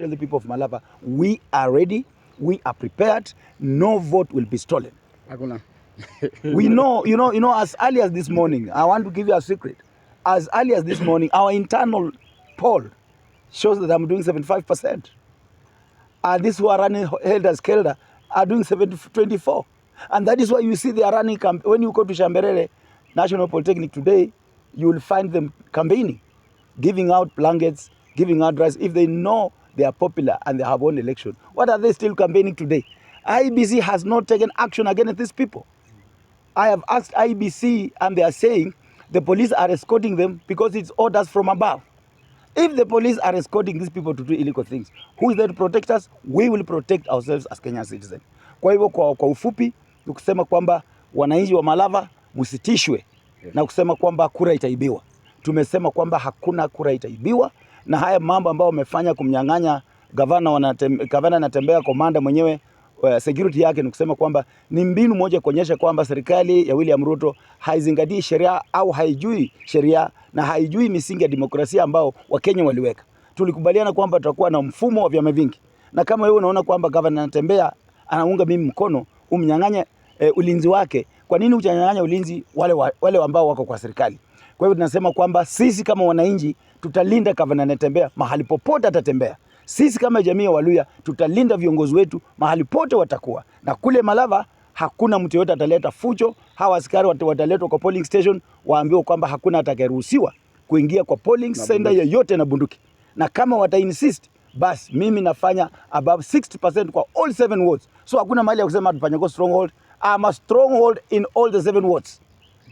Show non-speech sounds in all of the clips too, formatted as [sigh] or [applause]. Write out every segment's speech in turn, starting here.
tell the people of malava we are ready, we are prepared, no vote will be stolen. Hakuna. [laughs] we know, you know, you know, as early as this morning, I want to give you a secret. As early as this morning, our internal poll shows that I'm doing 75%. And these who are running Elders Kelda are doing 24. And that is why you see they are running, when you go to Shamberele National Polytechnic today, you will find them campaigning, giving out blankets, giving out rice. If they know they are popular and they have won election. What are they still campaigning today? IBC has not taken action against these people. I have asked IBC and they are saying the police are escorting them because it's orders from above. If the police are escorting these people to do illegal things, who is there to protect us? We will protect ourselves as Kenyan citizens. Kwa hivyo kwa, kwa ufupi ni kusema kwamba wananchi wa Malava msitishwe na kusema kwamba kura itaibiwa. Tumesema kwamba hakuna kura itaibiwa na haya mambo ambayo wamefanya kumnyang'anya gavana gavana anatembea komanda mwenyewe uh, security yake, ni kusema kwamba ni mbinu moja kuonyesha kwamba serikali ya William Ruto haizingatii sheria au haijui sheria na haijui misingi ya demokrasia ambao Wakenya waliweka. Tulikubaliana kwamba tutakuwa na mfumo wa vyama vingi, na kama wewe unaona kwamba gavana anatembea anaunga mimi mkono umnyang'anye e, ulinzi wake, kwa nini uchanyang'anya ulinzi wale, wa, wale ambao wako kwa serikali? Kwa hivyo tunasema kwamba sisi kama wananchi tutalinda Gavana Natembeya mahali popote atatembea. Sisi kama jamii ya Waluya tutalinda viongozi wetu mahali pote watakuwa, na kule Malava hakuna mtu yoyote ataleta fujo. Hawa askari wataletwa kwa polling station, waambiwe kwamba hakuna atakayeruhusiwa kuingia kwa polling center yeyote na bunduki, na kama insist basi mimi nafanya above 60% kwa all seven wards. So hakuna mahali ya kusema tufanye stronghold. I'm a stronghold in all the seven wards.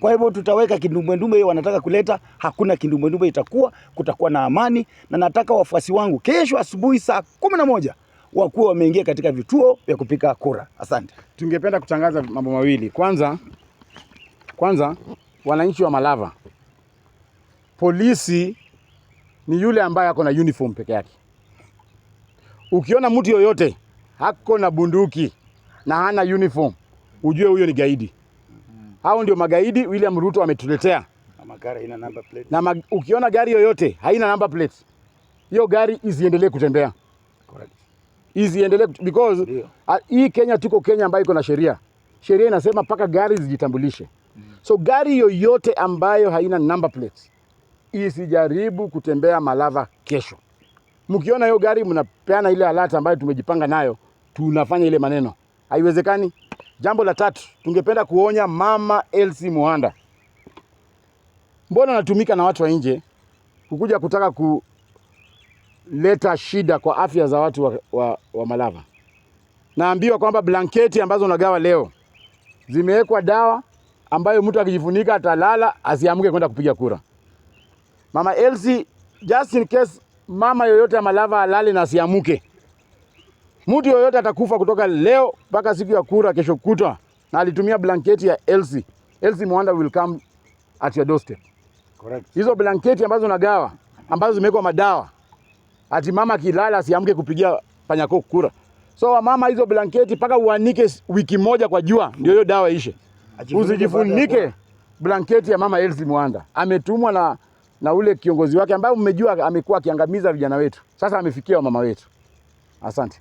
Kwa hivyo tutaweka kindumbwendume wanataka kuleta, hakuna kindumbwendume, itakuwa kutakuwa na amani, na nataka wafuasi wangu kesho asubuhi saa kumi na moja wakuwa wameingia katika vituo vya kupiga kura. Asante. Tungependa kutangaza mambo mawili. Kwanza, kwanza wananchi wa Malava, polisi ni yule ambaye ako na uniform peke yake. Ukiona mtu yoyote hako na bunduki na hana uniform, ujue huyo ni gaidi hao ndio magaidi William Ruto ametuletea na, na mag, ukiona gari yoyote haina number plate hiyo gari isiendelee kutembea isiendelee because hii Kenya tuko Kenya ambayo iko na sheria. Sheria inasema mpaka gari zijitambulishe. mm So gari yoyote ambayo haina number plate isijaribu kutembea Malava kesho. Mkiona hiyo gari, mnapeana ile alata ambayo tumejipanga nayo, tunafanya ile maneno. Haiwezekani. Jambo la tatu, tungependa kuonya mama Elsie Muhanda, mbona anatumika na watu wa nje kukuja kutaka kuleta shida kwa afya za watu wa, wa, wa Malava. Naambiwa kwamba blanketi ambazo unagawa leo zimewekwa dawa ambayo mtu akijifunika atalala asiamke kwenda kupiga kura. Mama Elsie, just in case mama yoyote ya Malava alale na asiamke. Mtu yoyote atakufa kutoka leo mpaka siku ya kura kesho kutwa, na alitumia blanketi ya Elsie. Elsie Mwanda will come at your doorstep. Correct. Hizo blanketi ambazo unagawa ambazo zimewekwa madawa ati mama kilala asiamke kupigia panyako kura. So wamama, hizo blanketi mpaka uanike wiki moja kwa jua, ndio hiyo dawa ishe. Usijifunike blanketi ya mama Elsie Mwanda. Ametumwa na na ule kiongozi wake ambaye mmejua amekuwa akiangamiza vijana wetu. Sasa amefikia wamama wetu. Asante.